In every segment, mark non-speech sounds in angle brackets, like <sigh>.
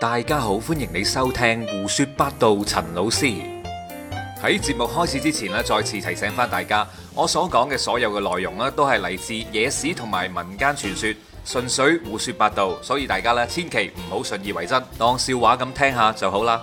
大家好，歡迎你收聽胡說八道。陳老師喺節目開始之前呢，再次提醒翻大家，我所講嘅所有嘅內容呢，都係嚟自野史同埋民間傳說，純粹胡說八道，所以大家呢，千祈唔好信以為真，當笑話咁聽下就好啦。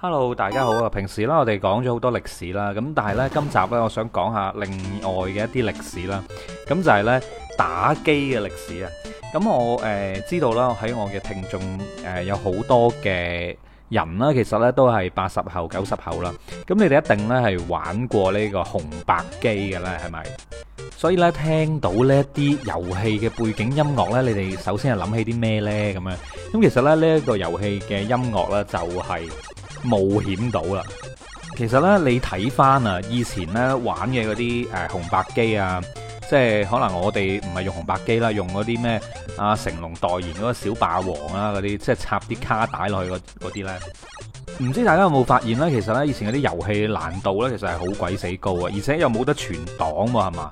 Hello，大家好啊！平時咧我哋講咗好多歷史啦，咁但係呢，今集呢，我想講下另外嘅一啲歷史啦，咁就係呢，打機嘅歷史啊。咁我誒知道啦，喺我嘅、呃、聽眾誒有好多嘅人啦，其實呢都係八十後九十後啦。咁你哋一定呢係玩過呢個紅白機嘅啦，係咪？所以呢，聽到呢啲遊戲嘅背景音樂呢，你哋首先係諗起啲咩呢？咁樣咁，其實咧呢一個遊戲嘅音樂呢，就係冒險島啦。其實呢，你睇翻啊以前呢玩嘅嗰啲誒紅白機啊～即係可能我哋唔係用紅白機啦，用嗰啲咩阿成龍代言嗰個小霸王啊嗰啲，即係插啲卡帶落去嗰啲呢。唔知大家有冇發現呢？其實呢，以前嗰啲遊戲難度呢，其實係好鬼死高啊，而且又冇得存檔嘛係嘛？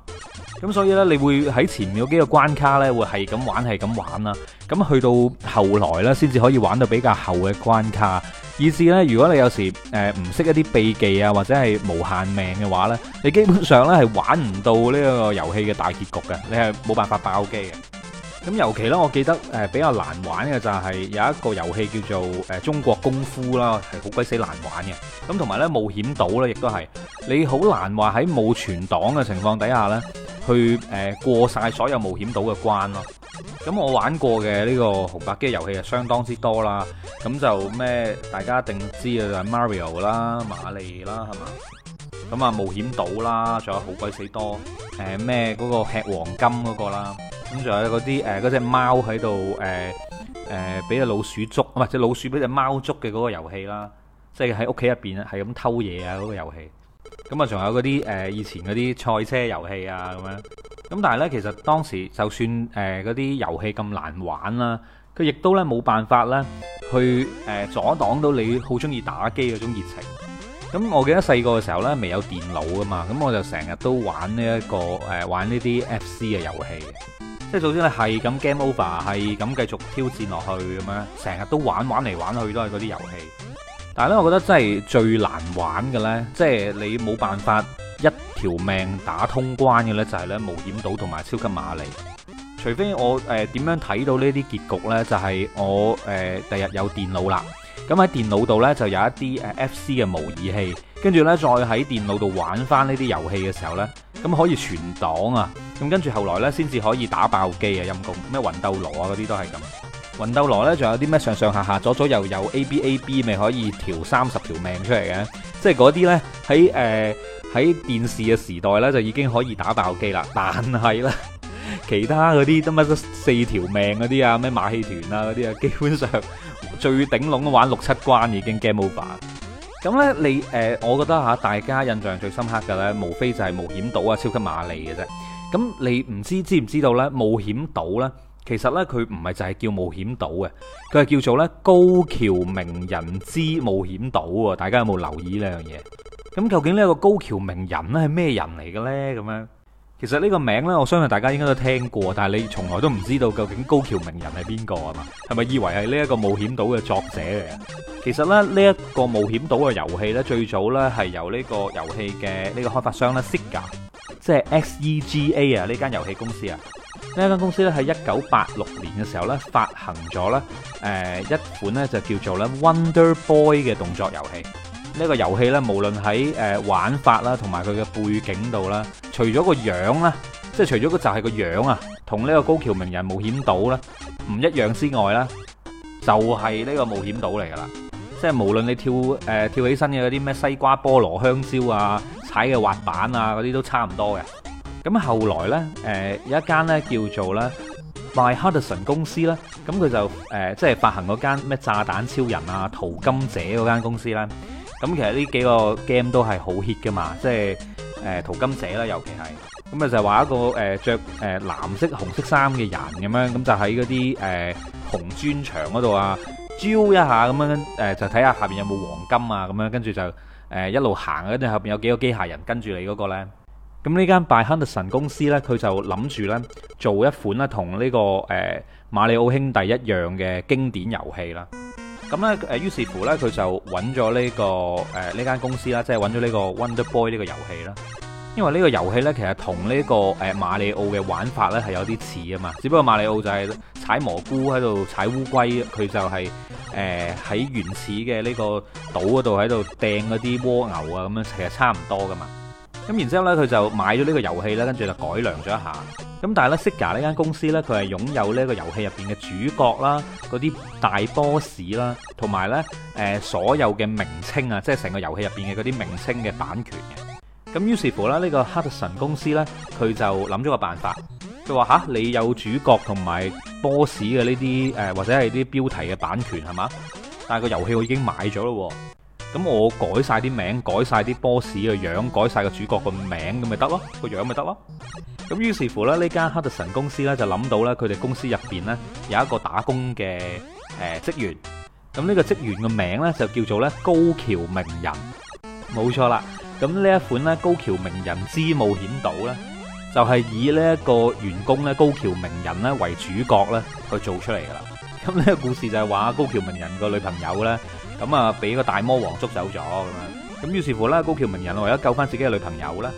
咁所以呢，你會喺前面嗰幾個關卡呢，會係咁玩係咁玩啦。咁去到後來呢，先至可以玩到比較後嘅關卡。以至咧，如果你有時誒唔識一啲秘技啊，或者係無限命嘅話呢，你基本上咧係玩唔到呢個遊戲嘅大結局嘅，你係冇辦法爆機嘅。咁尤其咧，我記得誒、呃、比較難玩嘅就係有一個遊戲叫做誒、呃《中國功夫》啦，係好鬼死難玩嘅。咁同埋咧，冒險島咧亦都係你好難話喺冇存檔嘅情況底下咧，去誒、呃、過晒所有冒險島嘅關咯。咁我玩過嘅呢個紅白機遊戲係相當之多啦。咁就咩？大家一定知嘅就係 Mario 啦、馬利啦，係嘛？咁啊冒險島啦，仲有好鬼死多誒咩？嗰、呃嗰個吃黃金嗰個啦。咁仲有嗰啲誒隻貓喺度誒誒俾隻老鼠捉，唔係隻老鼠俾隻貓捉嘅嗰個遊戲啦，即係喺屋企入邊係咁偷嘢啊嗰個遊戲。咁啊，仲有嗰啲誒以前嗰啲賽車遊戲啊咁樣。咁但係咧，其實當時就算誒嗰啲遊戲咁難玩啦，佢亦都咧冇辦法咧去誒、呃、阻擋到你好中意打機嗰種熱情。咁我記得細個嘅時候咧未有電腦啊嘛，咁我就成日都玩呢一個誒、呃、玩呢啲 FC 嘅遊戲。即係，首先你係咁 game over，係咁繼續挑戰落去咁樣，成日都玩玩嚟玩去都係嗰啲遊戲。但係咧，我覺得真係最難玩嘅呢，即係你冇辦法一條命打通關嘅呢，就係、是、呢冒險島同埋超級瑪麗。除非我誒點、呃、樣睇到呢啲結局呢，就係、是、我誒第日有電腦啦。咁喺電腦度呢，就有一啲誒 FC 嘅模擬器，跟住呢，再喺電腦度玩翻呢啲遊戲嘅時候呢，咁可以存檔啊。咁跟住後來咧，先至可以打爆機啊！陰功咩魂斗羅啊，嗰啲都係咁。魂斗羅呢，仲有啲咩上上下下左左右右 A B A B，咪可以調三十條命出嚟嘅。即係嗰啲呢，喺誒喺電視嘅時代呢，就已經可以打爆機啦。但係呢，其他嗰啲都乜四條命嗰啲啊，咩馬戲團啊嗰啲啊，基本上最頂籠都玩六七關已經 game over。咁呢，你誒、呃、我覺得嚇大家印象最深刻嘅呢，無非就係冒險島啊、超級瑪利嘅啫。咁你唔知知唔知道呢？冒險島呢，其實呢佢唔係就係叫冒險島嘅，佢係叫做呢高橋名人之冒險島啊！大家有冇留意呢樣嘢？咁究竟呢一個高橋名人呢係咩人嚟嘅呢？咁樣，其實呢個名呢，我相信大家應該都聽過，但係你從來都唔知道究竟高橋名人係邊個啊嘛？係咪以為係呢一個冒險島嘅作者嚟嘅？其實呢呢一個冒險島嘅遊戲呢，最早呢係由呢個遊戲嘅呢個開發商呢 Sega。即係 SEGA 啊！呢間遊戲公司啊，呢間公司咧喺一九八六年嘅時候咧發行咗咧，誒一款咧就叫做咧 Wonder Boy 嘅動作遊戲。呢個遊戲咧無論喺誒玩法啦，同埋佢嘅背景度啦，除咗個樣啦，即係除咗個就係個樣啊，同呢個高橋名人冒險島啦唔一樣之外啦，就係呢個冒險島嚟噶啦。即係無論你跳誒跳起身嘅嗰啲咩西瓜、菠蘿、香蕉啊～睇嘅滑板啊，嗰啲都差唔多嘅。咁後來咧，誒、呃、有一間咧叫做咧 My <noise> Hudson 公司啦。咁佢就誒即係發行嗰間咩炸彈超人啊、淘金者嗰間公司啦。咁其實呢幾個 game 都係好 hit 噶嘛，即係誒、呃、淘金者啦，尤其係。咁啊就話一個誒着誒藍色、紅色衫嘅人咁樣，咁就喺嗰啲誒紅磚牆嗰度啊，招一下咁樣，誒、呃、就睇下下邊有冇黃金啊，咁樣跟住就。誒一路行，跟住後邊有幾個機械人跟住你嗰個咧，咁呢間 Hudson 公司咧，佢就諗住咧做一款咧同呢個誒馬里奧兄弟一樣嘅經典遊戲啦。咁咧誒於是乎咧，佢就揾咗呢個誒呢間公司啦，即係揾咗呢個 Wonder Boy 呢個遊戲啦。因為呢個遊戲咧，其實同呢、這個誒、呃、馬里奧嘅玩法咧係有啲似啊嘛，只不過馬里奧就係踩蘑菇喺度踩烏龜，佢就係誒喺原始嘅呢個島嗰度喺度掟嗰啲蝸牛啊，咁樣其實差唔多噶嘛。咁然之後咧，佢就買咗呢個遊戲咧，跟住就改良咗一下。咁但係呢 Sega 呢間公司呢，佢係擁有呢個遊戲入邊嘅主角啦、嗰啲大 boss 啦，同埋呢誒所有嘅名稱啊，即係成個遊戲入邊嘅嗰啲名稱嘅版權嘅。咁於是乎啦，呢、這個哈特臣公司呢，佢就諗咗個辦法。佢話吓，你有主角同埋 boss 嘅呢啲誒、呃，或者係啲標題嘅版權係嘛？但係個遊戲我已經買咗咯喎，咁我改晒啲名，改晒啲 boss 嘅樣，改晒個主角個名，咁咪得咯，個樣咪得咯。咁於是乎咧，呢間哈特臣公司呢，就諗到呢，佢哋公司入邊呢，有一個打工嘅誒職員。咁呢個職員嘅名呢，就叫做呢「高橋名人」，冇錯啦。咁呢一款咧高橋名人之冒險島咧，就係以呢一個員工咧高橋名人咧為主角咧去做出嚟噶啦。咁呢個故事就係話高橋名人個女朋友咧，咁啊俾個大魔王捉走咗咁樣。咁於是乎啦，高橋名人為咗救翻自己嘅女朋友咧，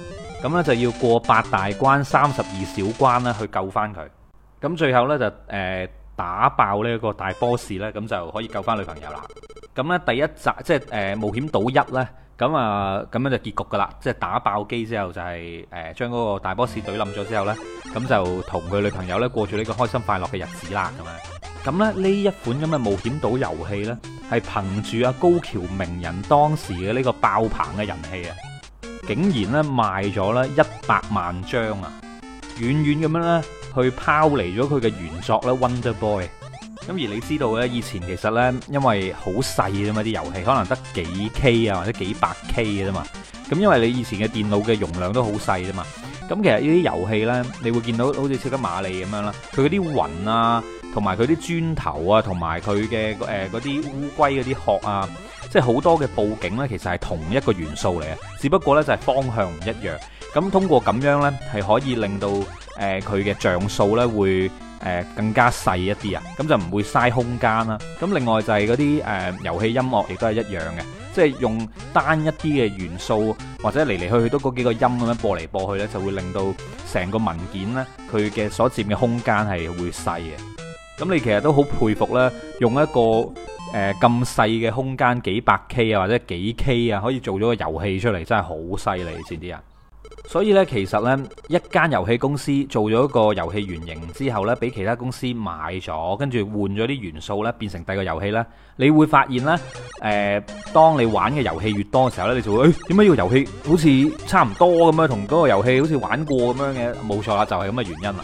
咁咧就要過八大關、三十二小關啦，去救翻佢。咁最後咧就誒打爆呢個大 boss 咧，咁就可以救翻女朋友啦。咁咧第一集即係誒冒險島一咧。咁啊，咁、嗯、樣就結局噶啦，即係打爆機之後就係、是、誒，將、呃、嗰個大 boss 㨃冧咗之後呢，咁就同佢女朋友咧過住呢個開心快樂嘅日子啦，咁啊，咁咧呢一款咁嘅冒險島遊戲呢係憑住阿高橋名人當時嘅呢個爆棚嘅人氣啊，竟然咧賣咗咧一百萬張啊，遠遠咁樣咧去拋離咗佢嘅原作呢，Wonder Boy。咁而你知道咧，以前其實呢，因為好細啫嘛，啲遊戲可能得幾 K 啊或者幾百 K 嘅啫嘛。咁因為你以前嘅電腦嘅容量都好細啫嘛。咁其實呢啲遊戲呢，你會見到好似《超級瑪利》咁樣啦，佢嗰啲雲啊，同埋佢啲磚頭啊，同埋佢嘅誒嗰啲烏龜嗰啲殼啊，即係好多嘅布景呢，其實係同一個元素嚟嘅，只不過呢就係方向唔一樣。咁通過咁樣呢，係可以令到誒佢嘅像素呢會，誒更加細一啲啊，咁就唔會嘥空間啦。咁另外就係嗰啲誒遊戲音樂，亦都係一樣嘅，即係用單一啲嘅元素或者嚟嚟去去都嗰幾個音咁樣播嚟播去咧，就會令到成個文件呢，佢嘅所佔嘅空間係會細嘅。咁你其實都好佩服咧，用一個誒咁、呃、細嘅空間幾百 K 啊或者幾 K 啊，可以做咗個遊戲出嚟，真係好犀利先啲人。所以呢，其實呢，一間遊戲公司做咗一個遊戲原型之後呢，俾其他公司買咗，跟住換咗啲元素呢，變成第二個遊戲呢，你會發現呢，誒，當你玩嘅遊戲越多嘅時候呢，你就會誒，點解呢個遊戲好似差唔多咁樣，同嗰個遊戲好似玩過咁樣嘅？冇錯啦，就係咁嘅原因啦。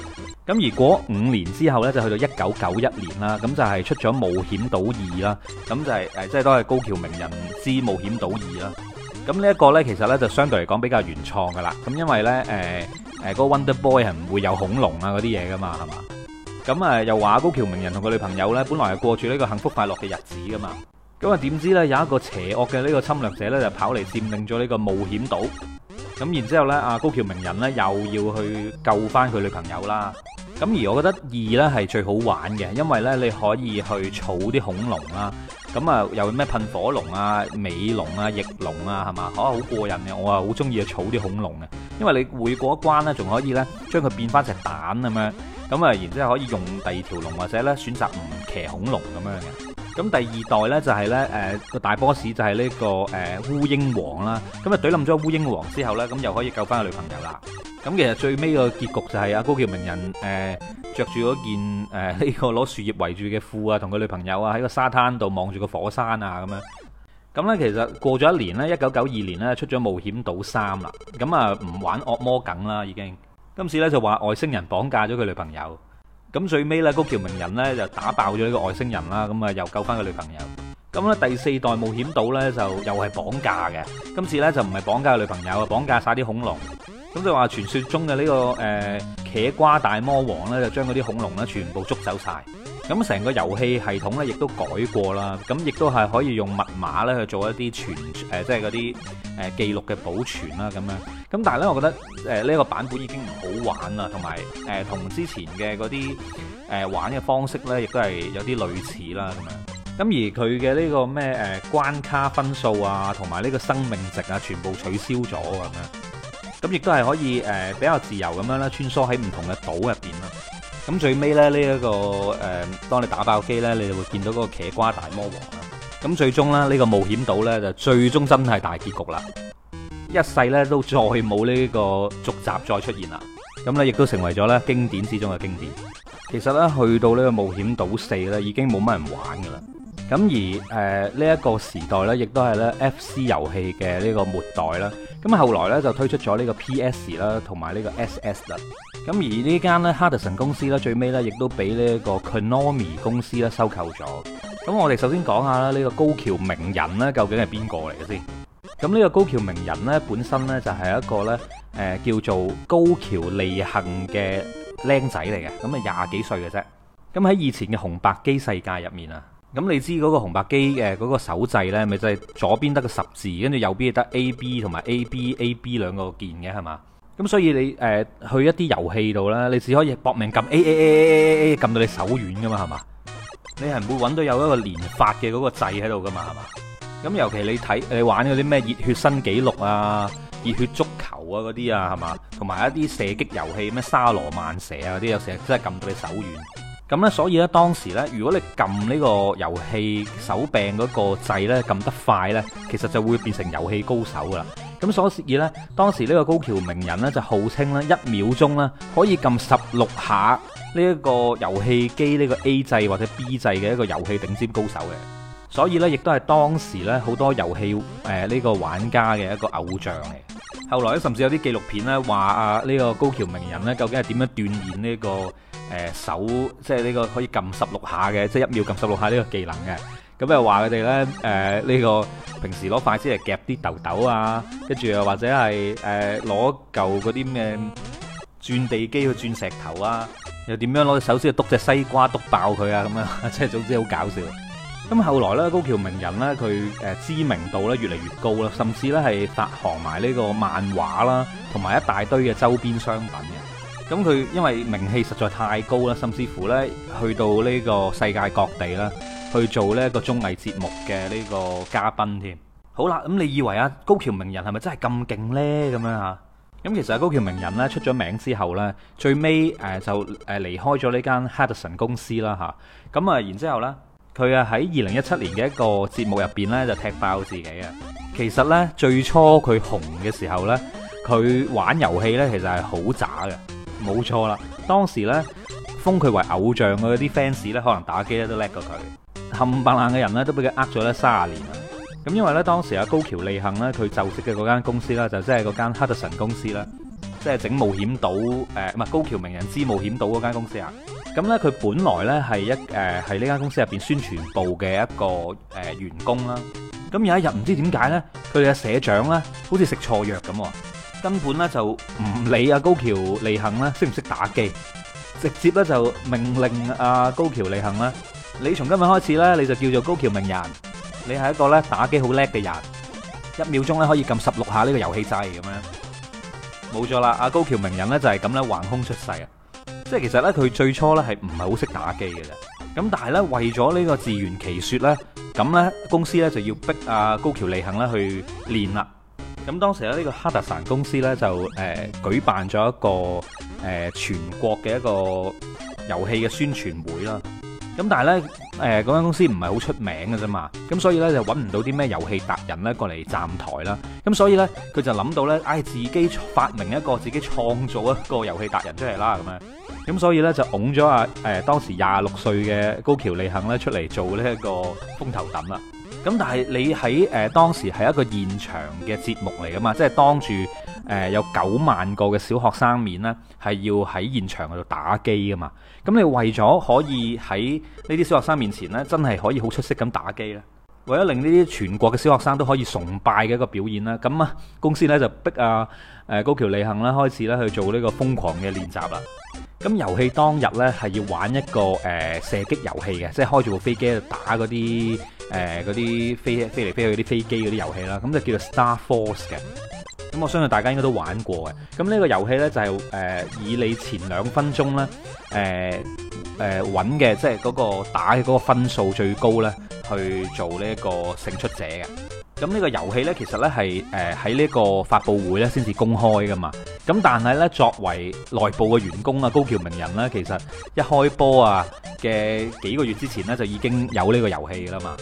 咁如果五年之後呢，就去到一九九一年啦，咁就係出咗《冒險島二》啦，咁就係誒，即係都係高橋名人之《冒險島二》啦。咁呢一個咧，其實呢就相對嚟講比較原創噶啦。咁因為呢，誒、呃，誒，嗰個 Wonder Boy 係唔會有恐龍啊嗰啲嘢噶嘛，係嘛？咁啊，又話高橋名人同佢女朋友呢，本來係過住呢個幸福快樂嘅日子噶嘛。咁啊，點知呢，有一個邪惡嘅呢個侵略者呢，就跑嚟佔領咗呢個冒險島。咁然之後咧，阿高橋名人呢，又要去救翻佢女朋友啦。咁而我覺得二呢係最好玩嘅，因為呢你可以去儲啲恐龍啦。咁啊，又咩噴火龍啊、尾龍啊、翼龍啊，係嘛？啊，好過癮嘅，我啊好中意啊，儲啲恐龍啊！因為你會過一關呢，仲可以呢，將佢變翻隻蛋咁樣。咁啊，然之後可以用第二條龍或者呢，選擇唔騎恐龍咁樣嘅。咁第二代呢，就係呢，誒個大 boss 就係呢個誒烏鷹王啦。咁啊懟冧咗烏鷹王之後呢，咁又可以救翻個女朋友啦。咁其實最尾個結局就係阿高橋名人誒着住嗰件誒呢個攞樹葉圍住嘅褲啊，同佢女朋友啊喺個沙灘度望住個火山啊咁樣。咁呢其實過咗一年呢，一九九二年呢出咗《冒險島三》啦。咁啊唔玩惡魔梗啦，已經今次呢就話外星人綁架咗佢女朋友。咁最尾呢高橋名人呢就打爆咗呢個外星人啦。咁啊又救翻個女朋友。咁呢第四代冒險島呢就又係綁架嘅。今次呢就唔係綁架個女朋友，綁架晒啲恐龍。咁就話傳說中嘅呢、這個誒、呃、茄瓜大魔王呢，就將嗰啲恐龍呢全部捉走晒。咁、嗯、成個遊戲系統呢，亦都改過啦。咁、嗯、亦都係可以用密碼呢去做一啲存誒，即係嗰啲誒記錄嘅保存啦。咁、嗯、樣。咁但係呢，我覺得誒呢、呃這個版本已經唔好玩啦，同埋誒同之前嘅嗰啲誒玩嘅方式呢，亦都係有啲類似啦。咁、嗯、樣。咁、嗯、而佢嘅呢個咩誒、呃、關卡分數啊，同埋呢個生命值啊，全部取消咗咁樣。咁亦都係可以誒、呃，比較自由咁樣啦，穿梭喺唔同嘅島入邊啦。咁最尾咧呢一、這個誒、呃，當你打爆機呢，你就會見到嗰個茄瓜大魔王啊。咁最終咧呢、這個冒險島呢，就最終真係大結局啦。一世呢都再冇呢個續集再出現啦。咁呢亦都成為咗咧經典之中嘅經典。其實呢，去到呢個冒險島四呢，已經冇乜人玩噶啦。咁而誒呢一個時代呢，亦都係呢 F.C. 遊戲嘅呢個末代啦。咁後來呢，就推出咗呢個 P.S. 啦，同埋呢個 S.S. 啦。咁而呢間呢，哈德森公司呢，最尾呢，亦都俾呢一個 Konami 公司呢，收購咗。咁我哋首先講下啦，呢個高橋名人呢，究竟係邊個嚟嘅先？咁呢個高橋名人呢，本身呢，就係、是、一個呢，誒、呃、叫做高橋利幸嘅靚仔嚟嘅。咁啊廿幾歲嘅啫。咁喺以前嘅紅白機世界入面啊。咁、嗯、你知嗰個紅白機嘅嗰個手掣呢，咪就係、是、左邊得個十字，跟住右邊得 A, B, A, B, A B、B 同埋 A、B、A、B 兩個鍵嘅係嘛？咁所以你誒、呃、去一啲遊戲度啦，你只可以搏命撳 A、A、A、A、A、A，撳到你手軟噶嘛係嘛？你係唔會揾到有一個連發嘅嗰個掣喺度噶嘛係嘛？咁尤其你睇你玩嗰啲咩《熱血新紀錄》啊、《熱血足球》啊嗰啲啊係嘛？同埋一啲射擊遊戲咩《沙羅曼蛇》啊嗰啲，有時真係撳到你手軟。咁咧，所以咧，當時咧，如果你撳呢個遊戲手柄嗰個掣咧撳得快咧，其實就會變成遊戲高手噶啦。咁所以咧，當時呢個高橋名人咧就號稱咧一秒鐘咧可以撳十六下呢一個遊戲機呢個 A 掣或者 B 掣嘅一個遊戲頂尖高手嘅。所以咧，亦都係當時咧好多遊戲誒呢個玩家嘅一個偶像嚟。後來咧，甚至有啲紀錄片咧話啊呢個高橋名人咧究竟係點樣鍛鍊呢個？誒、呃、手即係呢個可以撳十六下嘅，即係一秒撳十六下呢個技能嘅。咁又話佢哋咧誒呢、呃這個平時攞筷子嚟夾啲豆豆啊，跟住又或者係誒攞嚿嗰啲咩鑽地機去鑽石頭啊，又點樣攞隻手先去篤隻西瓜篤爆佢啊咁樣。即係總之好搞笑。咁後來咧，高橋名人咧佢誒知名度咧越嚟越高啦，甚至咧係發行埋呢個漫畫啦，同埋一大堆嘅周邊商品嘅。咁佢因為名氣實在太高啦，甚至乎呢去到呢個世界各地啦，去做呢個綜藝節目嘅呢個嘉賓添。好啦，咁你以為阿高橋名人係咪真係咁勁呢？咁樣吓，咁其實阿高橋名人呢出咗名之後呢，最尾誒就誒離開咗呢間 Hudson 公司啦吓。咁啊，然之後呢，佢啊喺二零一七年嘅一個節目入邊呢就踢爆自己啊。其實呢最初佢紅嘅時候呢，佢玩遊戲呢其實係好渣嘅。冇錯啦，當時咧，封佢為偶像嘅嗰啲 fans 咧，可能打機咧都叻過佢，冚唪唥嘅人咧都俾佢呃咗咧三十年啊！咁因為咧當時阿高橋利幸咧，佢就職嘅嗰間公司咧，就即係嗰間 Hudson 公司啦，即係整冒險島誒，唔係高橋名人之冒險島嗰間公司啊！咁咧佢本來咧係一誒喺呢間公司入邊宣傳部嘅一個誒員工啦，咁有一日唔知點解咧，佢哋嘅社長咧好似食錯藥咁。根本咧就唔理阿高橋利行咧識唔識打機，直接咧就命令阿高橋利行啦。你從今日開始咧，你就叫做高橋名人。你係一個咧打機好叻嘅人，一秒鐘咧可以撳十六下呢個遊戲掣咁樣。冇錯啦，阿高橋名人咧就係咁咧橫空出世啊！即係其實咧佢最初咧係唔係好識打機嘅啫。咁但係咧為咗呢個自圓其說咧，咁咧公司咧就要逼阿高橋利行咧去練啦。咁當時咧，呢個哈德臣公司咧就誒、呃、舉辦咗一個誒、呃、全國嘅一個遊戲嘅宣傳會啦。咁但係咧誒嗰間公司唔係好出名嘅啫嘛，咁所以咧就揾唔到啲咩遊戲達人咧過嚟站台啦。咁所以咧佢就諗到咧，唉、哎、自己發明一個自己創造一個遊戲達人出嚟啦咁樣。咁所以咧就拱咗啊誒、呃、當時廿六歲嘅高橋利幸咧出嚟做呢一個風頭躉啦。咁但係你喺誒、呃、當時係一個現場嘅節目嚟噶嘛，即係當住誒、呃、有九萬個嘅小學生面呢，係要喺現場度打機噶嘛。咁你為咗可以喺呢啲小學生面前呢，真係可以好出色咁打機咧，為咗令呢啲全國嘅小學生都可以崇拜嘅一個表演啦。咁啊，公司呢，就逼阿、啊、誒、呃、高橋利行呢開始呢去做呢個瘋狂嘅練習啦。咁遊戲當日呢，係要玩一個誒、呃、射擊遊戲嘅，即係開住部飛機喺度打嗰啲誒嗰啲飛飛嚟飛去啲飛機嗰啲遊戲啦，咁就叫做 Star Force 嘅。咁我相信大家應該都玩過嘅。咁呢個遊戲呢，就係、是、誒、呃、以你前兩分鐘呢誒誒揾嘅，即係嗰個打嘅嗰個分數最高呢，去做呢一個勝出者嘅。咁呢個遊戲呢，其實呢係誒喺呢個發佈會呢先至公開噶嘛。咁但係呢，作為內部嘅員工啊，高橋名人呢，其實一開波啊嘅幾個月之前呢，就已經有呢個遊戲噶啦嘛。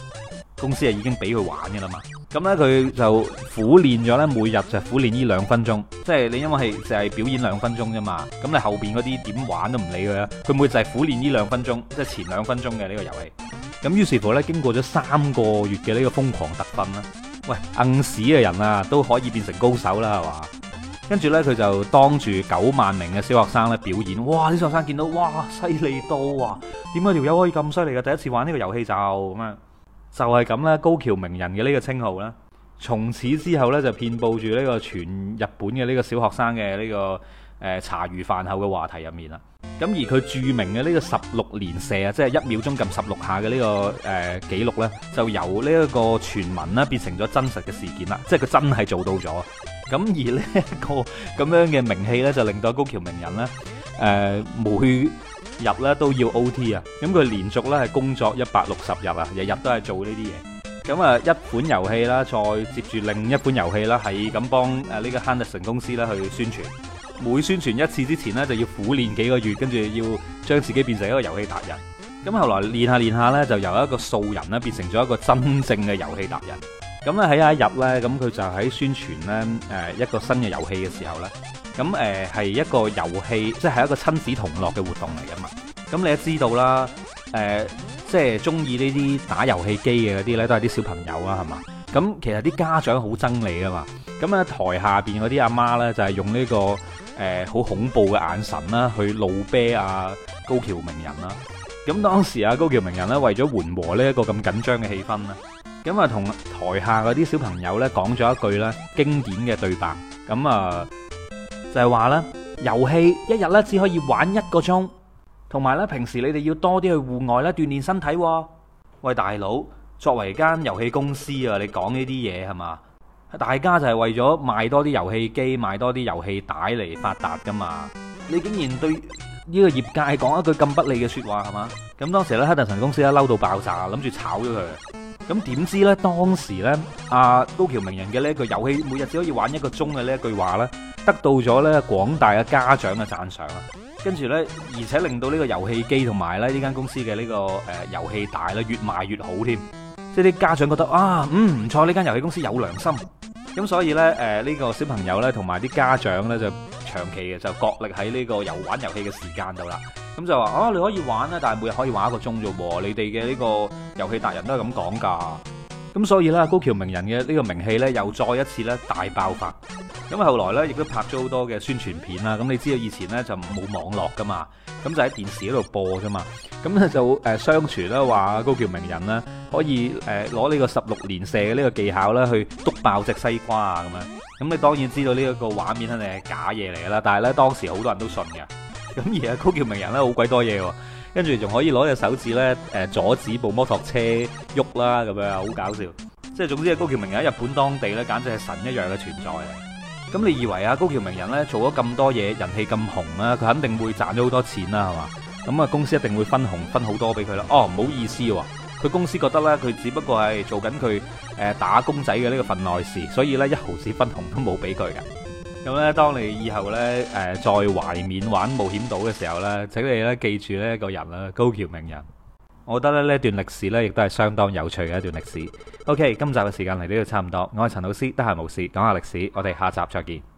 公司啊已經俾佢玩噶啦嘛。咁、嗯、呢，佢就苦練咗呢，每日就苦練呢兩分鐘，即係你因為係就係表演兩分鐘啫嘛。咁你後邊嗰啲點玩都唔理佢啦。佢每日就係苦練呢兩分鐘，即係前兩分鐘嘅呢個遊戲。咁於是乎呢，經過咗三個月嘅呢個瘋狂特訓啦。喂，硬屎嘅人啊，都可以變成高手啦，係嘛？跟住呢，佢就當住九萬名嘅小學生咧表演，哇！啲學生見到，哇，犀利到啊！哇，點解條友可以咁犀利嘅？第一次玩呢個遊戲就咁啊、嗯，就係咁呢，高橋名人嘅呢個稱號呢，從此之後呢，就遍布住呢個全日本嘅呢個小學生嘅呢個。誒茶餘飯後嘅話題入面啦，咁而佢著名嘅呢個十六連射啊，即係一秒鐘撳十六下嘅，這個呃、呢個誒紀錄呢就由呢一個傳聞啦，變成咗真實嘅事件啦，即係佢真係做到咗。咁而，這個、呢一個咁樣嘅名氣呢就令到高橋名人呢誒、呃，每日咧都要 O T 啊。咁佢連續呢係工作一百六十日啊，日日都係做呢啲嘢。咁啊，一款遊戲啦，再接住另一款遊戲啦，係咁幫誒呢個 Handerson 公司呢去宣傳。每宣傳一次之前呢，就要苦練幾個月，跟住要將自己變成一個遊戲達人。咁後來練下練下呢，就由一個素人咧變成咗一個真正嘅遊戲達人。咁咧喺一日呢，咁佢就喺宣傳呢誒一個新嘅遊戲嘅時候呢，咁誒係一個遊戲，即係係一個親子同樂嘅活動嚟㗎嘛。咁你都知道啦，誒即係鍾意呢啲打遊戲機嘅嗰啲呢，都係啲小朋友啦，係嘛？咁其實啲家長好憎你㗎嘛。咁咧台下邊嗰啲阿媽呢，就係用呢個。誒，好恐怖嘅眼神啦，去怒啤啊高橋名人啦。咁當時啊，高橋名人咧為咗緩和呢一個咁緊張嘅氣氛啦，咁啊同台下嗰啲小朋友咧講咗一句咧經典嘅對白，咁啊就係話咧遊戲一日咧只可以玩一個鐘，同埋咧平時你哋要多啲去戶外咧鍛煉身體。喂大佬，作為間遊戲公司啊，你講呢啲嘢係嘛？大家就係為咗賣多啲遊戲機、賣多啲遊戲帶嚟發達噶嘛？你竟然對呢個業界講一句咁不利嘅說話係嘛？咁當時咧，黑特臣公司一嬲到爆炸，諗住炒咗佢。咁點知呢？當時呢，阿、啊、高橋名人嘅呢個遊戲每日只可以玩一個鐘嘅呢句話咧，得到咗呢廣大嘅家長嘅讚賞啦。跟住呢，而且令到個遊戲機呢個遊戲機同埋咧呢間公司嘅呢、這個誒遊戲帶咧越賣越好添。即係啲家長覺得啊，嗯唔錯，呢間遊戲公司有良心。咁所以呢，誒、這、呢個小朋友呢，同埋啲家長呢，就長期嘅就角力喺呢個遊玩遊戲嘅時間度啦。咁就話啊，你可以玩啦，但係每日可以玩一個鐘啫喎。你哋嘅呢個遊戲達人都係咁講㗎。咁所以呢，高橋名人嘅呢個名氣呢，又再一次呢大爆發。咁啊，後來咧亦都拍咗好多嘅宣傳片啦。咁你知道以前咧就冇網絡噶嘛，咁就喺電視嗰度播㗎嘛。咁咧就誒、呃、相傳咧話高橋名人咧可以誒攞呢個十六連射嘅呢個技巧啦，去篤爆隻西瓜啊咁樣。咁你當然知道呢一個畫面肯定係假嘢嚟㗎啦，但係咧當時好多人都信嘅。咁而家高橋名人咧好鬼多嘢喎，跟住仲可以攞隻手指咧誒阻止部摩托車喐啦咁樣，好搞笑。即係總之高橋名人喺日本當地咧，簡直係神一樣嘅存在。咁你以為啊高橋名人呢做咗咁多嘢，人氣咁紅啦，佢肯定會賺咗好多錢啦，係嘛？咁啊公司一定會分紅分好多俾佢啦。哦唔好意思喎、啊，佢公司覺得呢，佢只不過係做緊佢誒打工仔嘅呢個份內事，所以呢，一毫子分紅都冇俾佢嘅。咁呢，當你以後呢，誒、呃、再懷緬玩冒險島嘅時候呢，請你呢，記住呢個人啦，高橋名人。我覺得呢一段歷史呢，亦都係相當有趣嘅一段歷史。OK，今集嘅時間嚟到呢度差唔多，我係陳老師，得閒無事講下歷史，我哋下集再見。